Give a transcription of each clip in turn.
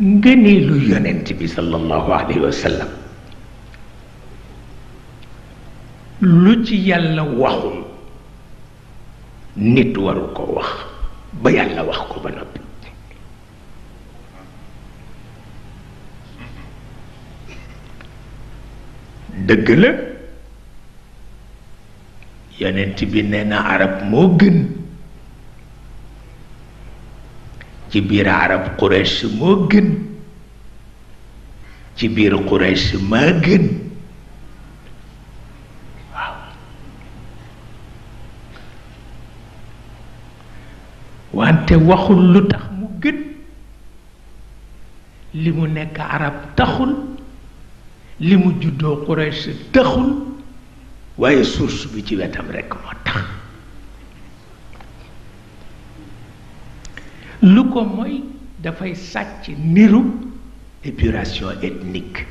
ngëneelu yonent bi sallallahu alayhi wa sallam lu ci yàlla waxul nit waru ko wax ba yàlla wax ko ba noppi dëgg la yonent bi nee na arab moo gën ci biir arab Quraysh moo gën ci biir Quraysh maa gën waaw wante waxul lu tax mu gën li mu nekk arab taxul li mu juddoo Quraysh taxul waaye suus bi ci wetam rekk moo tax lu ko mooy dafay sàcc niru épuration ethnique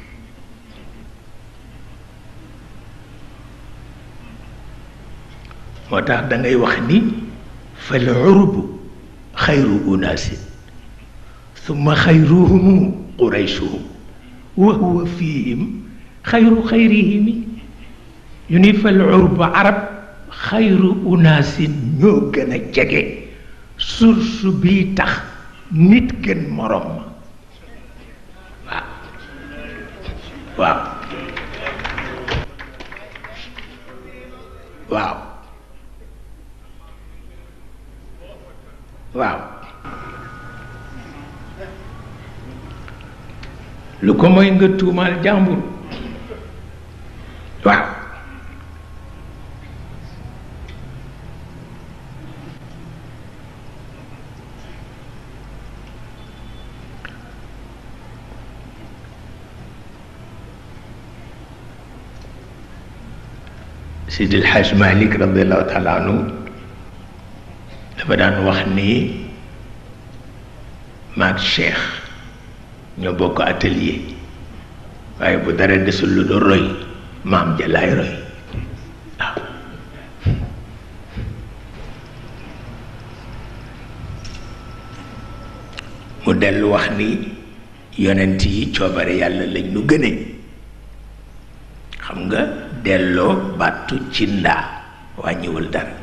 moo tax da ngay wax ni fal urubu xayru unaasin summa xayruhum quraychuhum wa huwa fihim xayru xayrihimi ñu ni arab xayru unaasin ñoo gën a source bi tax nit gën morom waaw waaw waaw lu ko moy nga tuumal jambour سيدي الحاج مالك رضي الله تعالى عنه فدان وخني مع الشيخ نبوك أتلي أي بدر دسل دوري ما أم جلاي روي مدل وخني يوننتي جوبر يالا لنجنين خمجة خمجة delloo bàttu ci ndaa wàññiwul dara